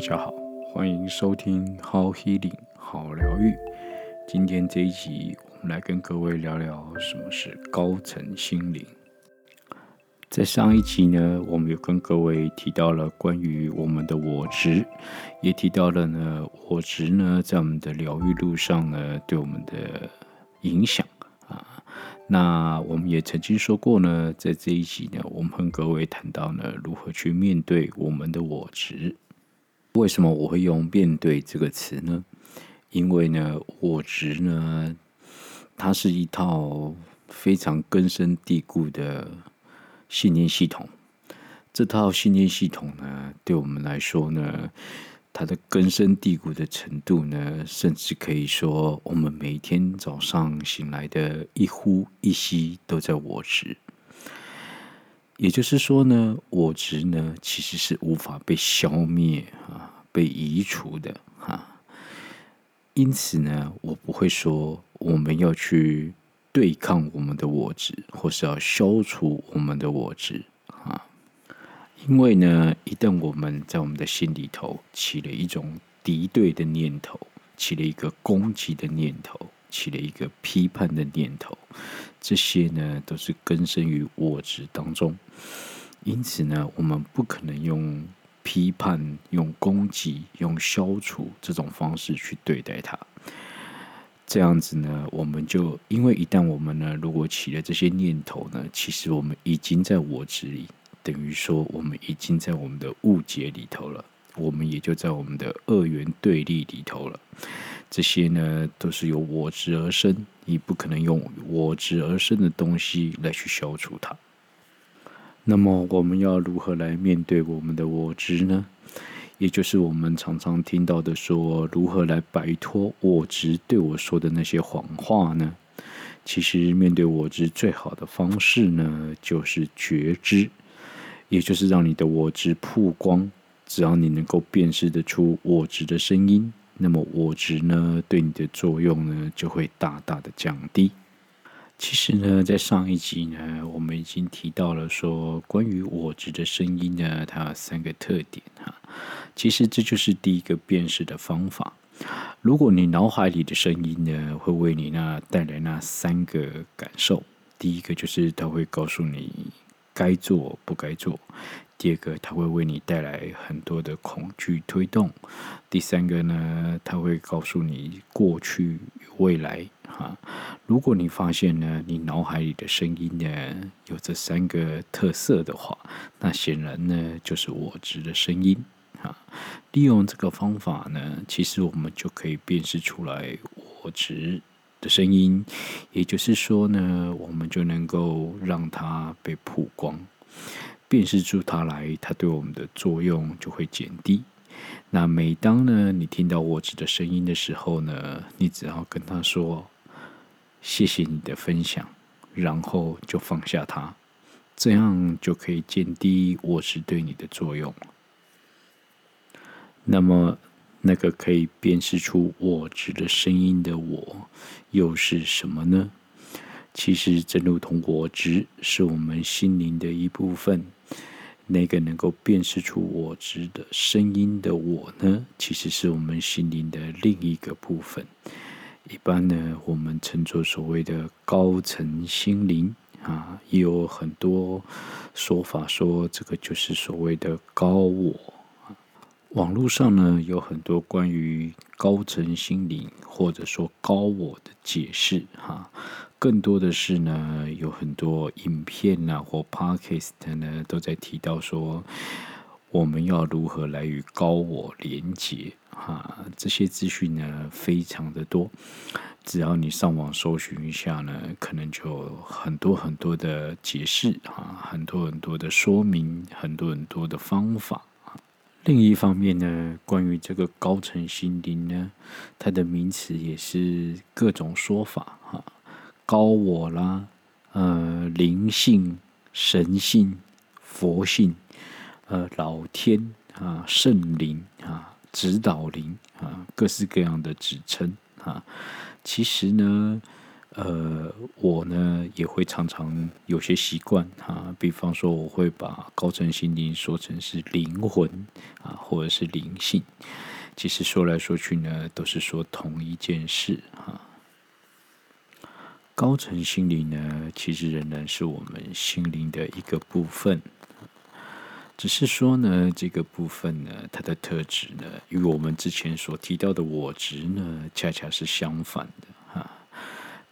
大家好，歡迎收聽《How Healing》好療癒。今天這一集，我們來跟各位聊聊什麼是高層心靈。在上一集呢，我們有跟各位提到了關於我們的我執，也提到了呢，我執呢在我們的療癒路上呢對我們的影響啊。那我們也曾經說過呢，在這一集呢，我們跟各位談到呢，如何去面對我們的我執。為什麼我會用“面對”這個詞呢？因為呢，我執呢，它是一套非常根深蒂固的信念系統。這套信念系統呢，對我們來說呢，它的根深蒂固的程度呢，甚至可以說，我們每天早上醒來的一呼一吸都在我執。也就是說呢，我執呢，其實是無法被消滅啊，被移除的啊。因此呢，我不會說我們要去對抗我們的我執，或是要消除我們的我執啊。因為呢，一旦我們在我們的心裡頭起了一種敵對的念頭，起了一個攻擊的念頭，起了一個批判的念頭。這些呢，都是根深於我執當中，因此呢，我們不可能用批判、用攻擊、用消除這種方式去對待它。這樣子呢，我們就因為一旦我們呢，如果起了這些念頭呢，其實我們已經在我執裡，等於說我們已經在我們的誤解裡頭了，我們也就在我們的二元對立裡頭了。這些呢，都是由我執而生，你不可能用我執而生的東西來去消除它。那麼，我們要如何來面對我們的我執呢？也就是我們常常聽到的說，如何來擺脫我執對我說的那些謊話呢？其實，面對我執最好的方式呢，就是覺知，也就是讓你的我執曝光。只要你能夠辨識得出我執的聲音。那麼我執呢，對你的作用呢，就會大大的降低。其實呢，在上一集呢，我們已經提到了說，關於我執的聲音呢，它有三個特點哈。其實這就是第一個辨識的方法。如果你腦海裡的聲音呢，會為你那帶來那三個感受，第一個就是它會告訴你。該做不該做，第二個，它會為你帶來很多的恐懼推動；第三個呢，它會告訴你過去、未來。哈、啊，如果你發現呢，你腦海裡的聲音呢，有這三個特色的話，那顯然呢，就是我執的聲音。啊。利用這個方法呢，其實我們就可以辨識出來我執的聲音，也就是說呢，我們就能夠讓它被曝光，辨識出它來，它對我們的作用就會減低。那每當呢，你聽到我執的聲音的時候呢，你只要跟他說：“謝謝你的分享”，然後就放下它，這樣就可以減低我執對你的作用。那麼。那個可以辨識出我執的聲音的我，又是什麼呢？其實，正如同我執是我們心靈的一部分，那個能夠辨識出我執的聲音的我呢，其實是我們心靈的另一個部分。一般呢，我們稱作所謂的高層心靈啊，也有很多說法說，這個就是所謂的高我。網絡上呢，有很多關於高層心靈或者說高我的解釋哈、啊。更多的是呢，有很多影片吶、啊、或 podcast 呢，都在提到說我們要如何來與高我連接哈、啊。這些資訊呢，非常的多，只要你上網搜尋一下呢，可能就很多很多的解釋啊，很多很多的說明，很多很多的方法。另一方面呢，關於這個高層心靈呢，它的名詞也是各種說法哈，高我啦，呃，靈性、神性、佛性，呃，老天啊，聖靈啊，指導靈啊，各式各樣的指稱啊，其實呢。呃，我呢也會常常有些習慣哈、啊，比方說我會把高層心靈說成是靈魂啊，或者是靈性。其實說來說去呢，都是說同一件事哈、啊。高層心靈呢，其實仍然是我們心靈的一個部分，只是說呢，這個部分呢，它的特質呢，與我們之前所提到的我執呢，恰恰是相反的。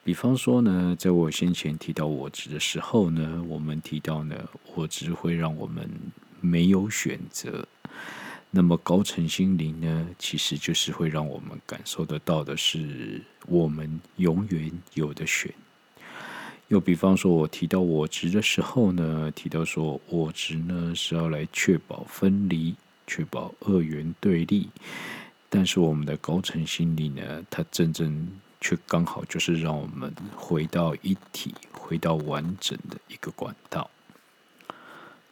比方說呢，在我先前提到我執的時候呢，我們提到呢，我執會讓我們沒有選擇。那麼高層心靈呢，其實就是會讓我們感受得到的是，我們永遠有的選。又比方說，我提到我執的時候呢，提到說我執呢是要來確保分離，確保二元對立。但是我們的高層心靈呢，它真正，卻剛好就是讓我們回到一體、回到完整的一個管道。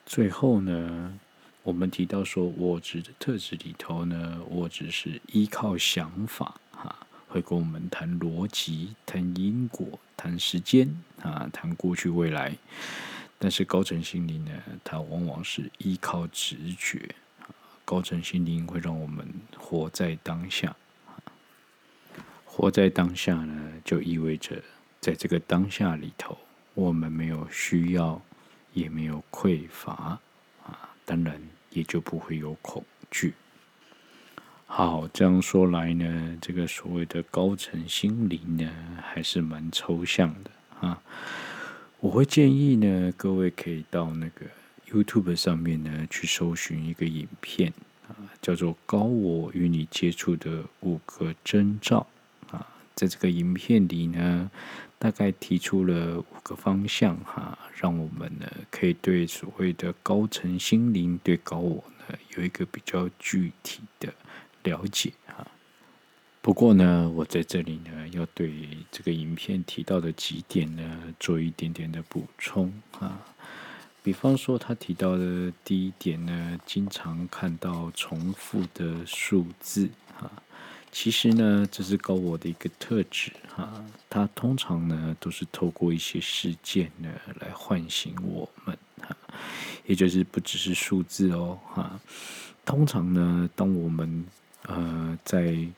最後呢，我們提到說，我執的特質裡頭呢，我執是依靠想法，哈，會跟我們談邏輯、談因果、談時間，啊，談過去、未來。但是高層心靈呢，它往往是依靠直覺。高層心靈會讓我們活在當下。活在當下呢，就意味着在這個當下裡頭，我們沒有需要，也沒有匱乏啊，當然也就不會有恐懼。好，這樣說來呢，這個所謂的高層心靈呢，還是蠻抽象的啊。我會建議呢，各位可以到那個 YouTube 上面呢，去搜尋一個影片啊，叫做《高我與你接觸的五個徵兆》。在這個影片裡呢，大概提出了五個方向哈、啊，讓我們呢可以對所謂的高層心靈、對高我呢有一個比較具體的了解哈、啊。不過呢，我在這裡呢要對這個影片提到的幾點呢做一點點的補充哈、啊。比方說，他提到的第一點呢，經常看到重複的數字哈。啊其實呢，這是高我的一個特質哈。它通常呢，都是透過一些事件呢來喚醒我們哈，也就是不只是數字哦哈。通常呢，當我們呃在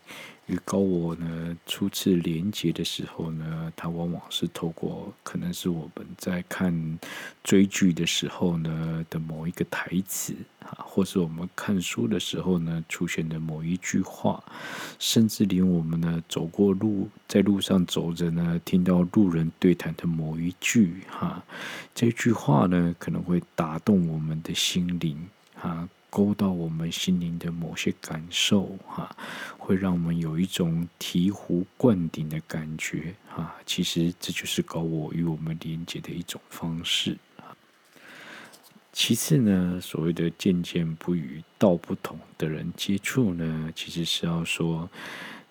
與高我呢初次連接的時候呢，它往往是透過可能是我們在看追劇的時候呢的某一個台詞啊，或是我們看書的時候呢出現的某一句話，甚至連我們呢走過路，在路上走着呢聽到路人對談的某一句哈、啊，這句話呢可能會打動我們的心靈啊。勾到我們心靈的某些感受，哈、啊，會讓我們有一種醍醐灌頂的感覺，哈、啊。其實這就是高我與我們連接的一種方式。啊、其次呢，所謂的“漸漸不與道不同”的人接觸呢，其實是要說，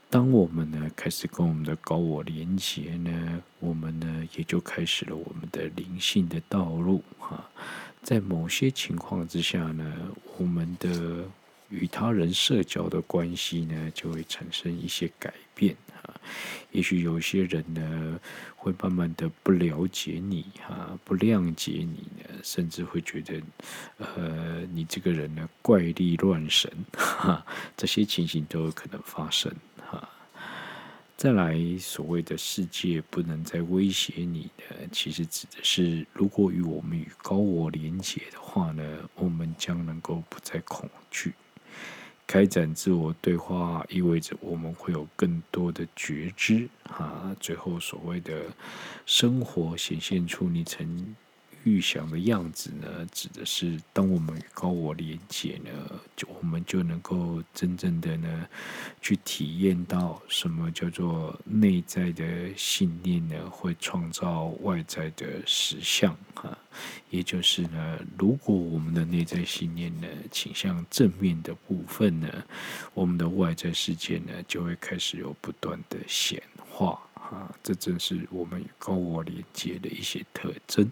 當我們呢開始跟我們的高我連接呢，我們呢也就開始了我們的靈性的道路。啊，在某些情況之下呢，我們的與他人社交的關係呢，就會產生一些改變啊。也許有些人呢，會慢慢的不了解你啊，不諒解你呢，甚至會覺得，呃，你這個人呢，怪力亂神，哈，這些情形都有可能發生。再來，所謂的世界不能再威脅你的。其實指的是，如果與我們與高我連結的話呢，我們將能夠不再恐懼。開展自我對話意味着我們會有更多的覺知，哈、啊，最後所謂的，生活顯現出你曾。預想的樣子呢，指的是當我們與高我連接呢，就我們就能夠真正的呢，去體驗到什麼叫做內在的信念呢，會創造外在的實相啊。也就是呢，如果我們的內在信念呢傾向正面的部分呢，我們的外在世界呢就會開始有不斷的顯化啊。這正是我們與高我連接的一些特徵。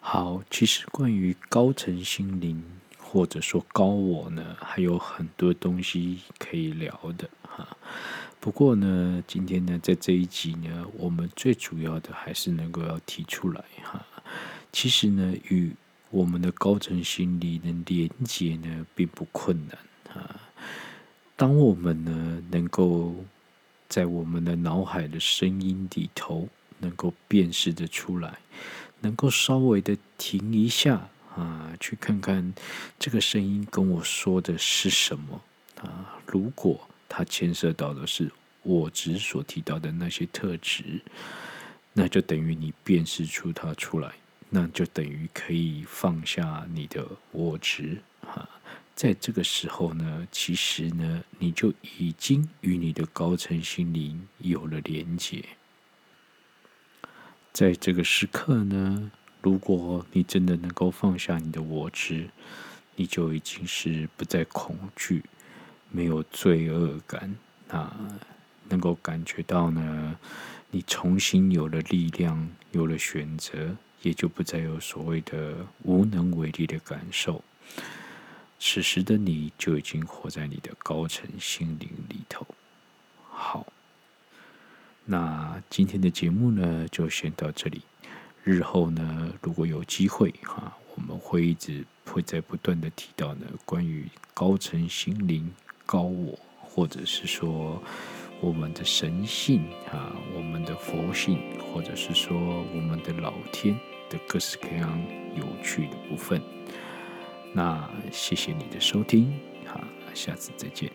好，其實關於高層心靈或者說高我呢，還有很多東西可以聊的哈。不過呢，今天呢，在這一集呢，我們最主要的還是能夠要提出來哈。其實呢，與我們的高層心靈能連接呢，並不困難啊。當我們呢，能夠在我們的腦海的聲音裡頭，能夠辨識得出來，能夠稍微的停一下啊，去看看這個聲音跟我說的是什麼啊？如果它牽涉到的是我執所提到的那些特質，那就等於你辨識出它出來，那就等於可以放下你的我執啊。在這個時候呢，其實呢，你就已經與你的高層心靈有了連接。在這個時刻呢，如果你真的能夠放下你的我執，你就已經是不再恐懼，沒有罪惡感，那能夠感覺到呢，你重新有了力量，有了選擇，也就不再有所謂的無能為力的感受。此時的你就已經活在你的高層心靈裡頭。好。那今天的節目呢，就先到這裡。日後呢，如果有機會哈、啊，我們會一直會在不斷的提到呢，關於高層心靈、高我，或者是說我們的神性啊，我們的佛性，或者是說我們的老天的各式各樣有趣的部分。那謝謝你的收聽，哈、啊，下次再見。